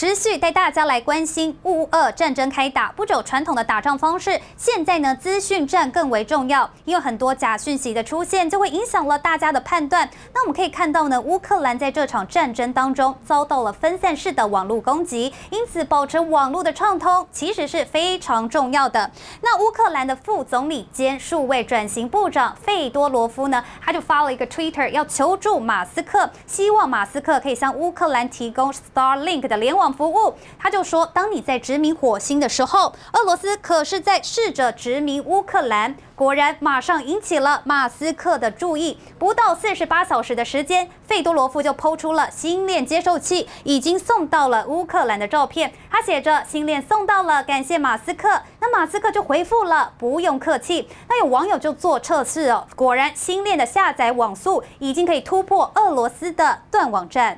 持續帶大家來關心烏俄戰爭開打，不走傳統的打仗方式。現在呢，資訊戰更為重要，因為很多假訊息的出現，就會影響了大家的判斷。那我們可以看到呢，烏克蘭在這場戰爭當中遭到了分散式的網絡攻擊，因此保持網絡的暢通其實是非常重要的。那烏克蘭的副總理兼數位轉型部長費多羅夫呢，他就發了一個 Twitter，要求助馬斯克，希望馬斯克可以向烏克蘭提供 Starlink 的聯網。服務，他就說，當你在殖民火星的時候，俄羅斯可是在試着殖民烏克蘭。果然，馬上引起了馬斯克的注意。不到四十八小時的時間，費多羅夫就拋出了星鏈接收器已經送到了烏克蘭的照片。他寫着：“星鏈送到了，感謝馬斯克。”那馬斯克就回覆了：“不用客氣。”那有網友就做測試哦，果然星鏈的下載網速已經可以突破俄羅斯的斷網戰。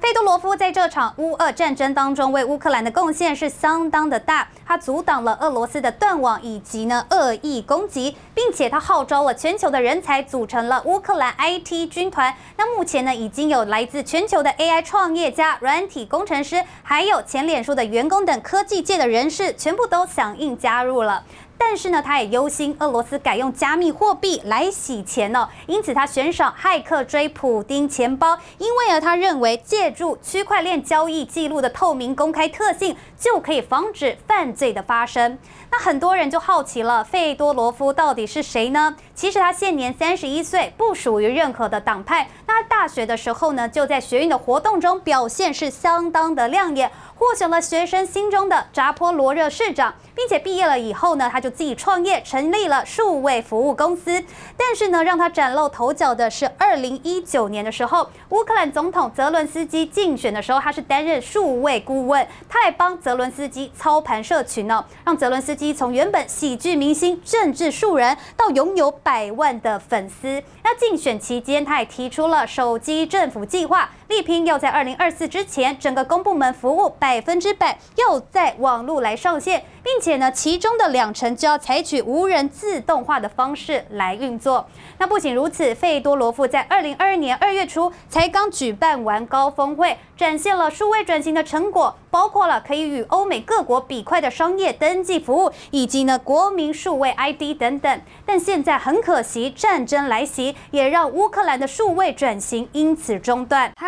費多羅夫在這場烏俄戰爭當中為烏克蘭的貢獻是相當的大，他阻擋了俄羅斯的斷網以及呢惡意攻擊，並且他號召了全球的人才組成了烏克蘭 IT 軍團。那目前呢已經有來自全球的 AI 創業家、軟體工程師，還有前臉書的員工等科技界的人士，全部都響應加入了。但是呢，他也憂心俄羅斯改用加密貨幣來洗錢哦，因此他懸賞駭客追普丁錢包。因為呢，他認為借助區塊鏈交易記錄的透明公開特性，就可以防止犯罪的發生。那很多人就好奇了，費多羅夫到底是誰呢？其實他現年三十一歲，不屬於任何的黨派。那大學的時候呢，就在學院的活動中表現是相當的亮眼，獲選了學生心中的扎波羅熱市長。並且畢業了以後呢，他就自己創業，成立了數位服務公司。但是呢，讓他嶄露頭角的是二零一九年的時候，烏克蘭總統澤倫斯基競選的時候，他是擔任數位顧問，他還幫澤倫斯基操盤社群呢，讓澤倫斯基從原本喜劇明星、政治素人，到擁有百萬的粉絲。那競選期間，他也提出了手機政府計劃。力拼要在二零二四之前，整個公部門服務百分之百要在網路來上線，並且呢，其中的兩成就要採取無人自動化的方式來運作。那不僅如此，費多羅夫在二零二二年二月初才剛舉辦完高峰會，展現了數位轉型的成果，包括了可以與歐美各國比快的商業登記服務，以及呢，國民數位 ID 等等。但現在很可惜，戰爭來襲也讓烏克蘭的數位轉型因此中斷。